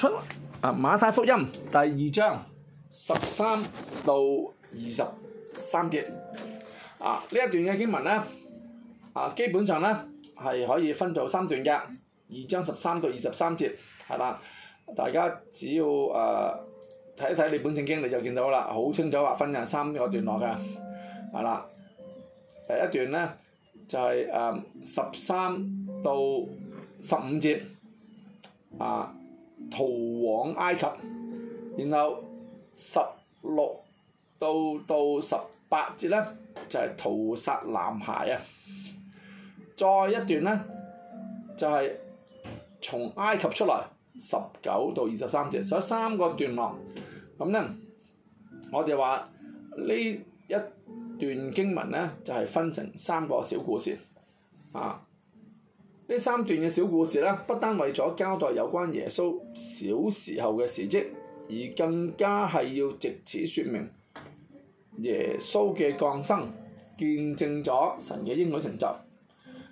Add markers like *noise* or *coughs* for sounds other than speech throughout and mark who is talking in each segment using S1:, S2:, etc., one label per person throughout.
S1: 出啊《馬太福音》第二章十三到二十三節啊，呢一段嘅經文咧啊，基本上咧係可以分做三段嘅，二章十三到二十三節係啦。大家只要誒睇、啊、一睇你本聖經，你就見到啦，好清楚劃分咗三個段落嘅，係啦。第一段咧就係誒十三到十五節啊。逃往埃及，然後十六到到十八節咧就係、是、屠殺男孩啊，再一段咧就係、是、從埃及出來，十九到二十三節，所以三個段落、啊，咁咧我哋話呢一段經文咧就係、是、分成三個小故事，啊。呢三段嘅小故事咧，不單為咗交代有關耶穌小時候嘅事蹟，而更加係要藉此説明耶穌嘅降生，見證咗神嘅應許成就，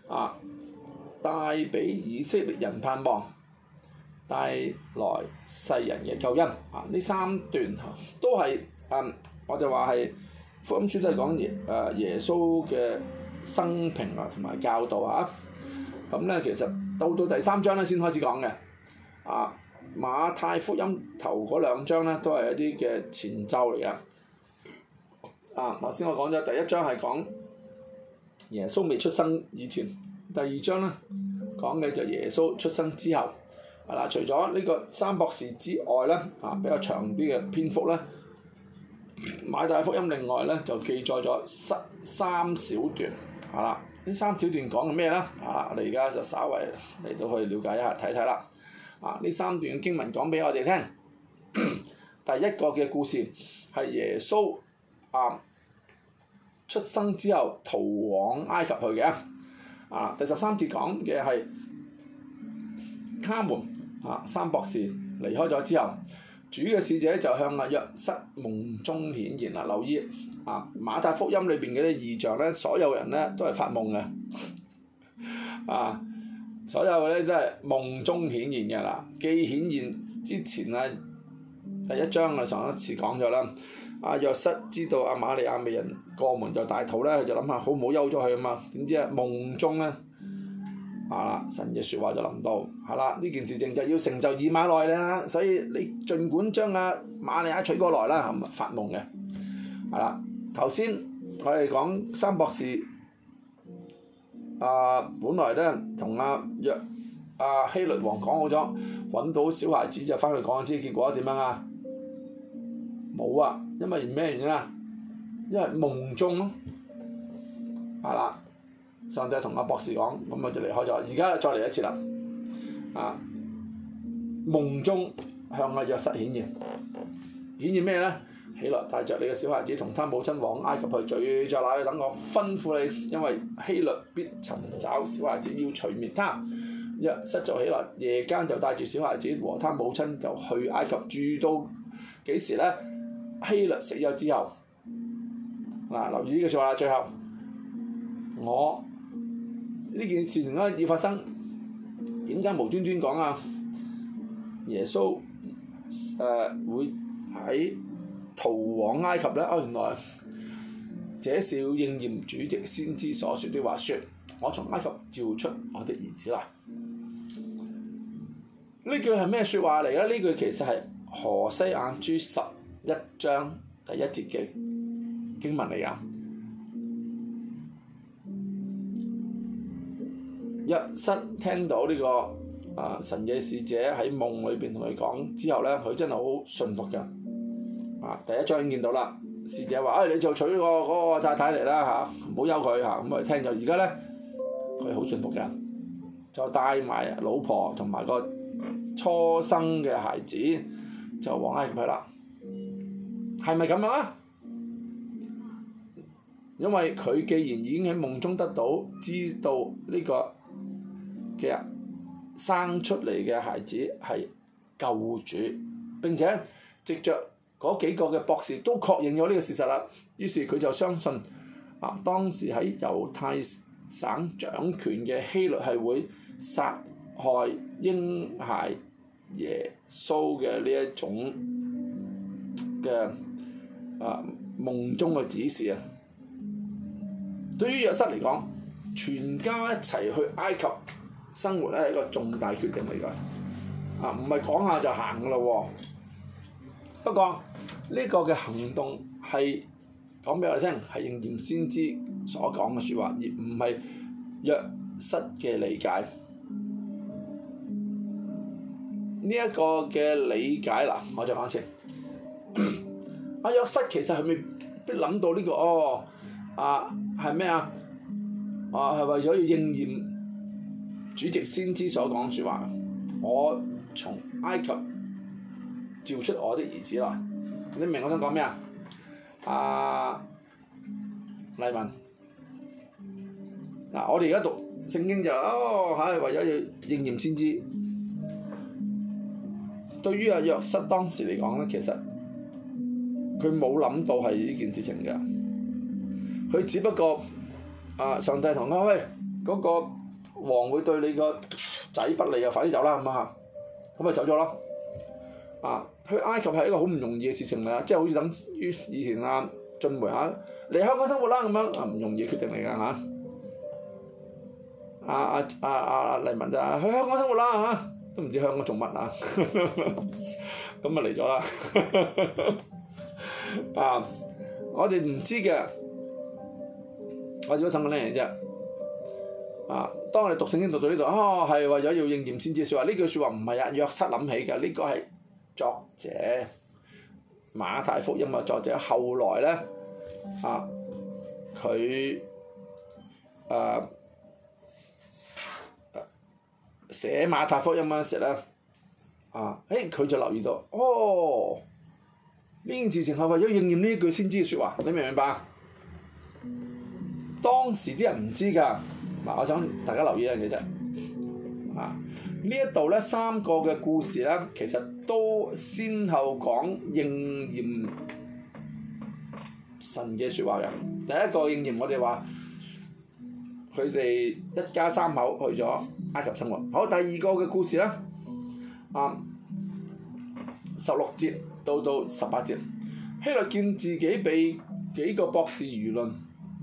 S1: 啊，帶俾以色列人盼望，帶來世人嘅救恩。啊，呢三段、啊、都係，嗯，我就話係福音書都係講耶，誒、啊、耶穌嘅生平啊，同埋教導啊。咁咧，其實到到第三章咧先開始講嘅，啊，馬太福音頭嗰兩章咧都係一啲嘅前奏嚟嘅，啊，頭先我講咗第一章係講耶穌未出生以前，第二章咧講嘅就耶穌出生之後，係、啊、啦，除咗呢個三博士之外咧，啊比較長啲嘅篇幅咧，馬太福音另外咧就記載咗三三小段。係啦，呢三小段講緊咩咧？啊，我哋而家就稍微嚟到去了解一下睇睇啦。啊，呢三段經文講俾我哋聽。 *coughs* 第一個嘅故事係耶穌啊，出生之後逃往埃及去嘅。啊，第十三節講嘅係他們啊，三博士離開咗之後。主嘅使者就向阿約瑟夢中顯現啦，留意啊馬太福音裏邊嘅啲異象咧，所有人咧都係發夢嘅，啊所有咧都係夢中顯現嘅啦。既顯現之前啊，第一章啊上一次講咗啦。阿約瑟知道阿、啊、瑪利亞美人過門就大肚咧，就諗下好唔好休咗佢啊嘛？點知啊夢中咧。啊啦，神嘅説話就臨到，係啦，呢件事情就要成就以馬內啦，所以你儘管將阿瑪利亞娶過來啦，係咪發夢嘅？係啦，頭先我哋講三博士，啊、呃，本來咧同阿約阿希律王講好咗，揾到小孩子就翻去講知，結果點樣啊？冇啊，因為咩原因啊？因為夢中，係、啊、啦。上帝同阿博士講，咁我就離開咗。而家再嚟一次啦，啊，夢中向阿約瑟顯現，顯現咩呢？起來帶着你嘅小孩子同他母親往埃及去，準在那裏等我吩咐你，因為希律必尋找小孩子，要除滅他。約、啊、瑟就起來，夜間就帶住小孩子和他母親就去埃及住，住到幾時呢？希律死咗之後，嗱、啊，留意呢句説話最後我。呢件事情啊，要發生，點解無端端講啊？耶穌誒、呃、會喺逃往埃及咧？哦，原來這是要應驗主席先知所說的話說，說我從埃及召出我的兒子啦。呢句係咩説話嚟咧？呢句其實係何西亞書十一章第一節嘅經文嚟噶。一室聽到呢個啊神嘅使者喺夢裏邊同佢講之後咧，佢真係好信服嘅。啊，第一章已經見到啦，使者話：誒、哎，你就娶、個嗰個太太嚟啦嚇，唔好休佢嚇。咁啊聽咗，而家咧佢好信服嘅，就帶埋老婆同埋個初生嘅孩子就往埃及啦。係咪咁樣啊？因為佢既然已經喺夢中得到知道呢個。其實生出嚟嘅孩子係救主，並且藉着嗰幾個嘅博士都確認咗呢個事實啦。於是佢就相信，啊當時喺猶太省掌權嘅希律係會殺害嬰孩耶穌嘅呢一種嘅啊夢中嘅指示啊。對於約瑟嚟講，全家一齊去埃及。生活咧係一個重大決定嚟㗎，啊唔係講下就行㗎咯喎。不過呢、這個嘅行動係講俾我哋聽係應驗先知所講嘅説話，而唔係約瑟嘅理解。呢、這、一個嘅理解嗱，我再講一次， *coughs* 啊約瑟其實係未必諗到呢、這個？哦，啊係咩啊？啊係為咗要應驗。主席先知所講，説話，我從埃及召出我的兒子來，你明我想講咩啊？啊，禮文，嗱、啊，我哋而家讀聖經就，哦，係為咗要應驗先知。對於阿約瑟當時嚟講咧，其實佢冇諗到係呢件事情嘅，佢只不過啊，上帝同佢嗰個。王會對你個仔不利啊！就快啲走啦，咁啊，咁咪走咗咯。啊，去埃及係一個好唔容易嘅事情嚟啊！即係好似等於以前啊，進梅啊，嚟香港生活啦咁樣啊，唔容易嘅決定嚟㗎嚇。阿阿阿阿黎文咋、啊，去香港生活啦嚇、啊，都唔知香港做乜啊，咁咪嚟咗啦。 *laughs* 啊，我哋唔知嘅，我哋只不過問嘢啫。啊！當我哋讀聖經讀到呢度，哦、啊，係為咗要應驗先知嘅説話，呢句説話唔係啊，約瑟諗起嘅，呢、呢個係作者馬太福音啊，作者後來咧，啊，佢啊，寫馬太福音嗰陣時咧，啊，誒，佢就留意到，哦，呢件事情係為咗應驗呢句先知嘅説話，你明唔明白？當時啲人唔知㗎。嗱，我想大家留意一樣嘢就，啊，呢一度咧三個嘅故事咧，其實都先後講應驗神嘅説話嘅。第一個應驗我哋話，佢哋一家三口去咗埃及生活。好，第二個嘅故事咧，啊、嗯，十六節到到十八節，希律見自己被幾個博士愚弄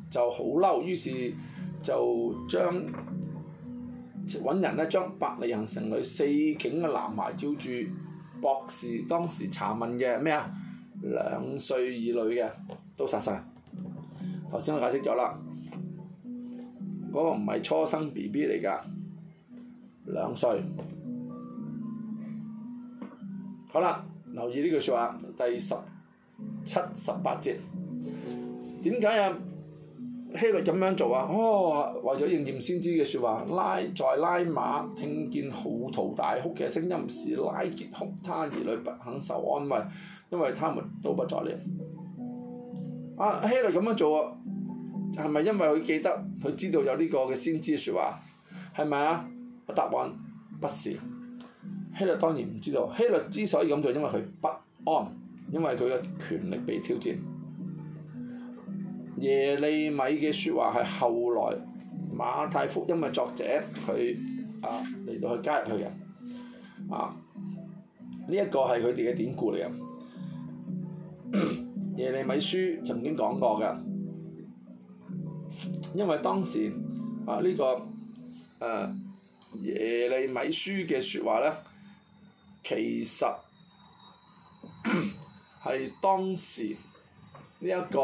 S1: 就好嬲，於是。就將揾人咧，將伯利恆城裏四境嘅男孩照住，博士當時查問嘅咩啊，兩歲以內嘅都殺晒。頭先我解釋咗啦，嗰個唔係初生 B B 嚟㗎，兩歲。好啦，留意呢句説話，第十七十八節，點解啊？希律咁樣做啊！哦，為咗應驗先知嘅説話，拉在拉馬，聽見號啕大哭嘅聲音，是拉結哭他兒女不肯受安慰，因為他們都不在了。啊，希律咁樣做啊？係咪因為佢記得佢知道有呢個嘅先知説話？係咪啊？答案不是。希律當然唔知道。希律之所以咁做，因為佢不安，因為佢嘅權力被挑戰。耶利米嘅説話係後來馬太福音嘅作者佢啊嚟到去加入去嘅，啊呢一、這個係佢哋嘅典故嚟嘅， *coughs* 耶利米書曾經講過嘅，因為當時啊呢、這個誒、啊、耶利米書嘅説話咧，其實係 *coughs* 當時。呢一、這個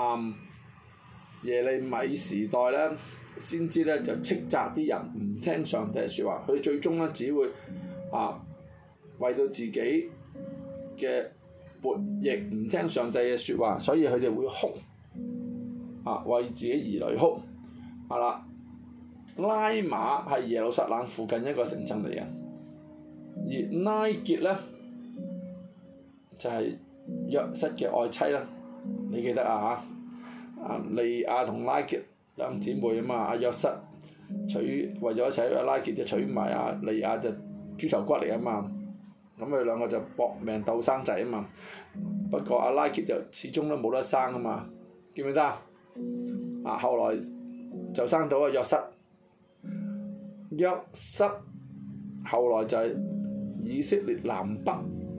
S1: 啊、嗯、耶利米時代咧，先知咧就斥責啲人唔聽上帝嘅説話，佢最終咧只會啊為到自己嘅悖逆唔聽上帝嘅説話，所以佢哋會哭啊，為自己兒女哭，啊，啦拉馬係耶路撒冷附近一個城鎮嚟嘅，而拉結咧就係約瑟嘅愛妻啦。你記得啊嚇？阿利亞同拉 i k 兩姊妹啊嘛，阿、啊、約瑟，娶為咗一齊，阿、啊、拉 i 就娶埋阿利亞就豬頭骨嚟啊嘛，咁、啊、佢兩個就搏命鬥生仔啊嘛。不過阿、啊、拉 i 就始終都冇得生啊嘛，記唔記得啊？啊後來就生到阿、啊、約瑟。約瑟後來就以色列南北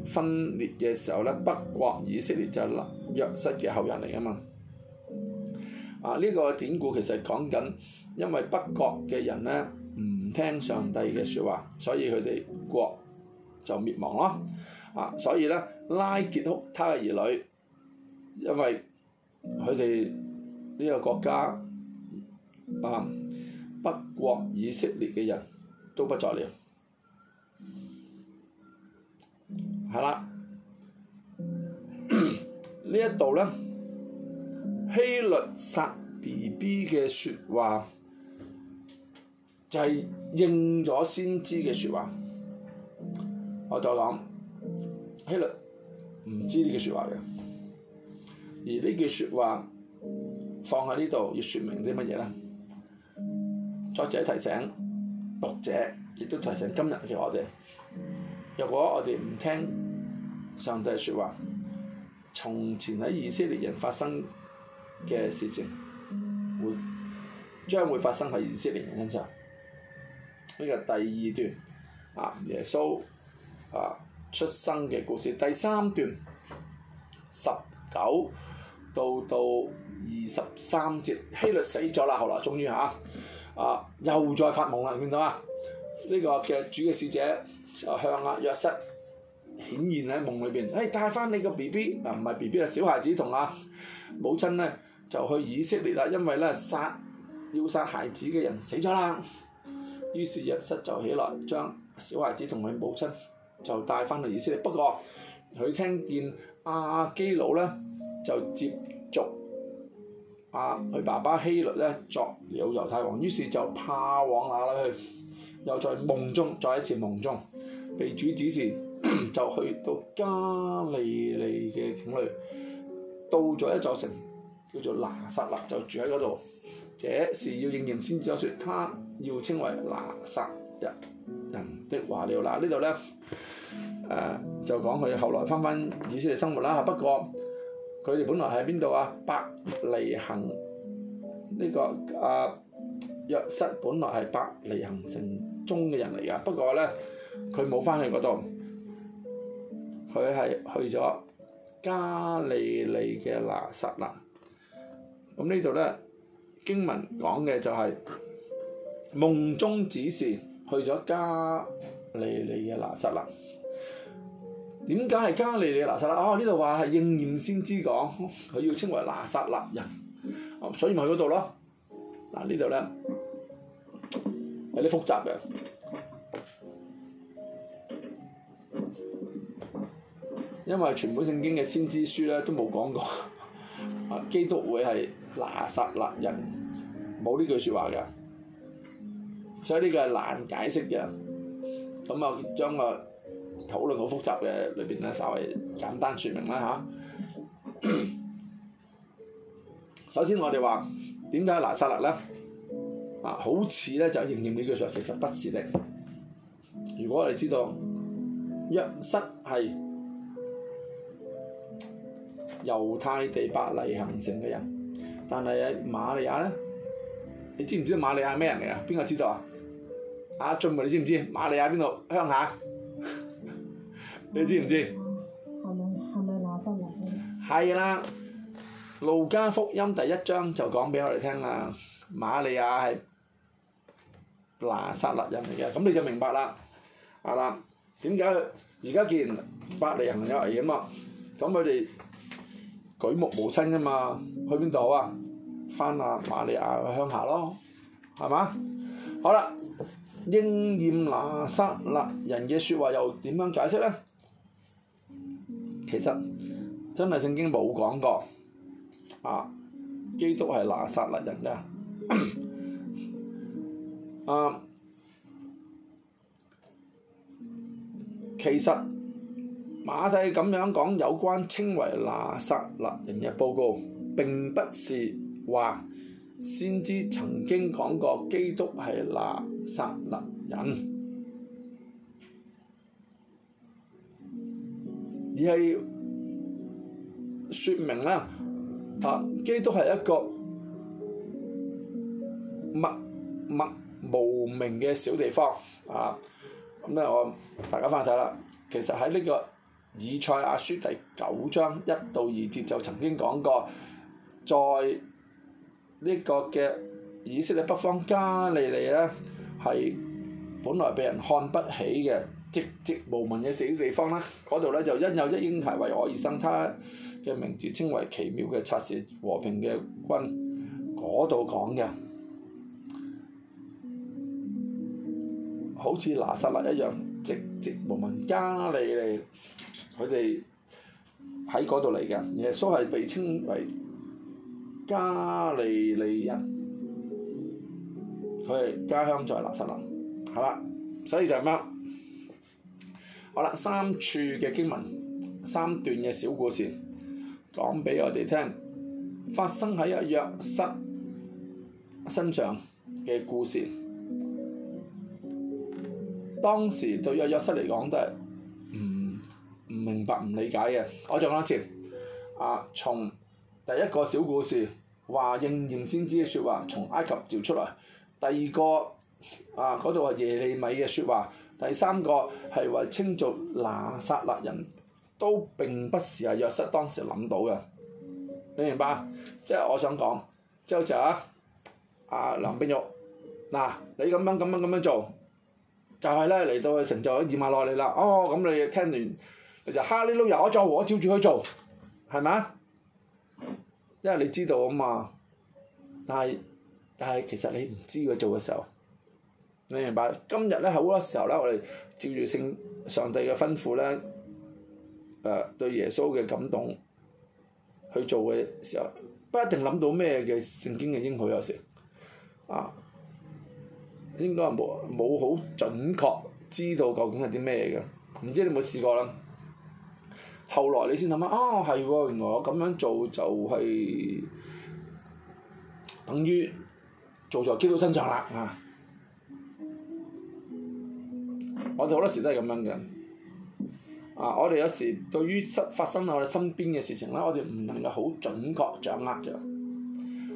S1: 分裂嘅時候咧，北國以色列就係約瑟嘅後人嚟㗎嘛！啊，呢、這個典故其實講緊，因為北國嘅人咧唔聽上帝嘅説話，所以佢哋國就滅亡咯。啊，所以咧，拉結哭，他嘅兒女，因為佢哋呢個國家啊，北國以色列嘅人都不在了。係啦，呢一度咧，希律殺 B B 嘅説話，就係應咗先知嘅説話。我再講，希律唔知呢句説話嘅，而呢句説話放喺呢度，要説明啲乜嘢咧？作者提醒讀者，亦都提醒今日嘅我哋。若果我哋唔聽上帝説話，從前喺以色列人發生嘅事情，會將會發生喺以色列人身上。呢個第二段，啊耶穌啊出生嘅故事。第三段十九到到二十三節，希律死咗啦，後來，終於嚇，啊，啊又再發夢啦，你見到啊呢、這個嘅主嘅使者。就向啊向阿約瑟顯現喺夢裏邊，誒帶翻你個 B B，啊唔係 B B 啦，啊，小孩子同阿、啊、母親咧就去以色列啦，因為咧殺要殺孩子嘅人死咗啦， *laughs* 於是約瑟就起來將小孩子同佢母親就帶翻去以色列，不過佢聽見阿、啊、基老咧就接續阿佢爸爸希律咧作了猶太王，於是就怕往哪裏去，又在夢中再一次夢中。被主指示 *coughs* 就去到加利利嘅境內，到咗一座城叫做拿撒勒，就住喺嗰度。這是要應驗先知所説，他要稱為拿撒勒人的話了。嗱，呢度咧誒就講佢後來翻翻以色列生活啦。不過佢哋本來係邊度啊？伯利恆，呢、這個啊約瑟本來係伯利恆城中嘅人嚟㗎。不過咧。佢冇翻去嗰度，佢係去咗加利利嘅拿撒勒。咁呢度咧，經文講嘅就係、是、夢中指示去咗加利利嘅拿撒勒。點解係加利利嘅拿撒勒？哦，呢度話係應驗先知講，佢要稱為拿撒勒人，所以咪去嗰度咯。嗱，呢度咧有啲複雜嘅。因為全本聖經嘅先知書咧都冇講過，啊，基督會係拿撒勒人，冇呢句説話嘅，所以呢個係難解釋嘅。咁啊，將個討論好複雜嘅裏邊咧，稍為簡單説明啦，嚇。 *coughs* 首先我哋話點解拿撒勒咧，啊，好似咧就應驗呢句話，其實不是的。如果我哋知道約瑟係猶太地伯利恆城嘅人，但係喺瑪利亞咧，你知唔知瑪利亞係咩人嚟啊？邊個知道啊？阿俊文，你知唔知瑪利亞邊度鄉下？ *laughs* 你知唔知？係咪係咪拿撒勒嘅？係、嗯、啦，嗯嗯嗯《路加福音》第一章就講俾我哋聽啦，瑪利亞係拿撒勒人嚟嘅，咁你就明白啦，係啦。點解而家既然伯利恆有危險喎？咁佢哋。舉目無親噶嘛，去邊度啊？翻阿瑪利亞嘅鄉下咯，係嘛？好啦，應驗拿撒勒人嘅説話又點樣解釋咧？其實真係聖經冇講過，啊，基督係拿撒勒人㗎， *laughs* 啊，其實。馬太咁樣講有關稱為拿撒勒人嘅報告，並不是話先知曾經講過基督係拿撒勒人，而係説明咧，啊基督係一個默默無名嘅小地方啊。咁咧，我大家翻去睇啦。其實喺呢、這個以賽亞書第九章一到二節就曾經講過，在呢個嘅以色列北方加利利呢，係本來俾人看不起嘅，寂寂無聞嘅死地方咧，嗰度呢，就因有一嬰孩為我而生，他嘅名字稱為奇妙嘅策士和平嘅君，嗰度講嘅，好似拿撒勒一樣，寂寂無聞加利利。佢哋喺嗰度嚟嘅，耶穌係被稱為加利利人，佢哋家鄉就係拿撒勒。係啦，所以就係咁樣。好啦，三處嘅經文，三段嘅小故事，講俾我哋聽，發生喺約瑟身上嘅故事，當時對約瑟嚟講都係。明白唔理解嘅，我再講一次。啊，從第一個小故事話應驗先知嘅説話，從埃及召出來；第二個啊嗰度話耶利米嘅説話；第三個係話稱做拿撒勒人，都並不是係約瑟當時諗到嘅。你明白？即係我想講，即係好似啊，阿梁冰玉，嗱，啊，你咁樣咁樣咁樣做，就係咧嚟到成就咗以馬內利啦。哦，咁你聽完。佢就哈利路亞，我再我，我照住去做，係咪？因為你知道啊嘛，但係但係其實你唔知佢做嘅時候，你明白今日咧好多時候咧，我哋照住聖上帝嘅吩咐咧，誒、呃、對耶穌嘅感動去做嘅時候，不一定諗到咩嘅聖經嘅應許有時，啊，應該冇冇好準確知道究竟係啲咩嘅，唔知你有冇試過啦？後來你先諗下，哦係喎，原來我咁樣做就係等於做喺基督身上啦啊！我哋好多時都係咁樣嘅啊！我哋有時對於失發生喺我哋身邊嘅事情咧，我哋唔能夠好準確掌握嘅。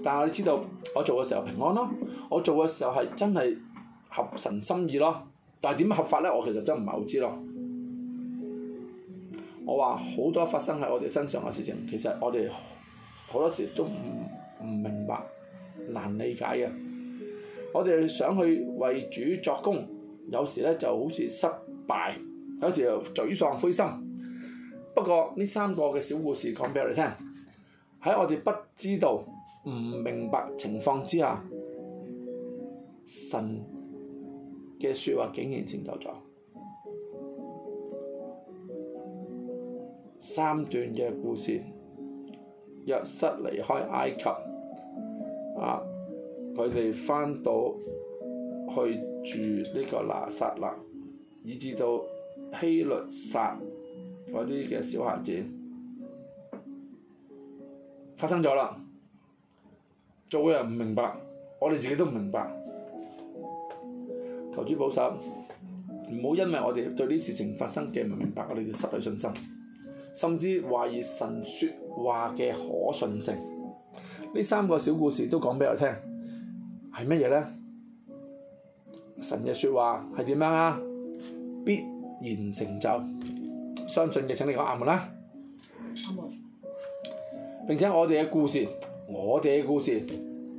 S1: 但係你知道我做嘅時候平安咯，我做嘅時候係真係合神心意咯。但係點合法咧？我其實真唔係好知咯。我話好多發生喺我哋身上嘅事情，其實我哋好多時都唔唔明白，難理解嘅。我哋想去為主作工，有時咧就好似失敗，有時又沮喪灰心。不過呢三個嘅小故事講俾我哋聽，喺我哋不知道、唔明白情況之下，神嘅説話竟然成就咗。三段嘅故事，約瑟離開埃及，啊，佢哋翻到去住呢個拿撒勒，以至到希律殺嗰啲嘅小孩子，發生咗啦。做嘅人唔明白，我哋自己都唔明白。求主保守，唔好因為我哋對呢事情發生嘅唔明白，我哋就失去信心。甚至懷疑神説話嘅可信性，呢三個小故事都講俾我聽，係乜嘢咧？神嘅説話係點樣啊？必然成就，相信嘅請你講阿門啦。阿、嗯、門。嗯、並且我哋嘅故事，我哋嘅故事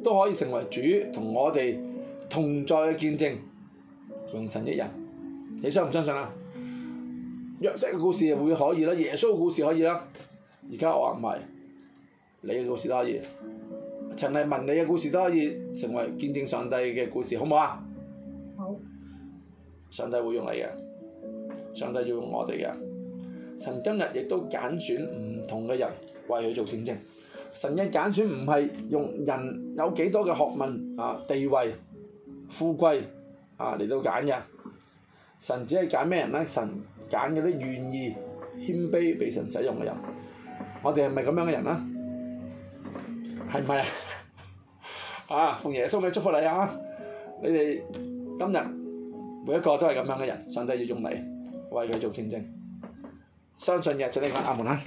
S1: 都可以成為主同我哋同在嘅見證，用神一人，你相信唔相信啊？約瑟嘅故事會可以啦，耶穌故事可以啦，而家我話唔係，你嘅故事都可以，陳麗文你嘅故事都可以成為見證上帝嘅故事，好唔好啊？好。上帝會用你嘅，上帝要用我哋嘅，神今日亦都揀選唔同嘅人為佢做見證，神嘅揀選唔係用人有幾多嘅學問啊、地位、富貴啊嚟到揀嘅，神只係揀咩人咧？神。揀嗰啲願意謙卑俾神使用嘅人，我哋係咪咁樣嘅人是是 *laughs* 啊？係唔係啊？啊！奉耶穌嘅祝福你啊！你哋今日每一個都係咁樣嘅人，上帝要用你為佢做見證，相信嘅請你講阿門啦，啊。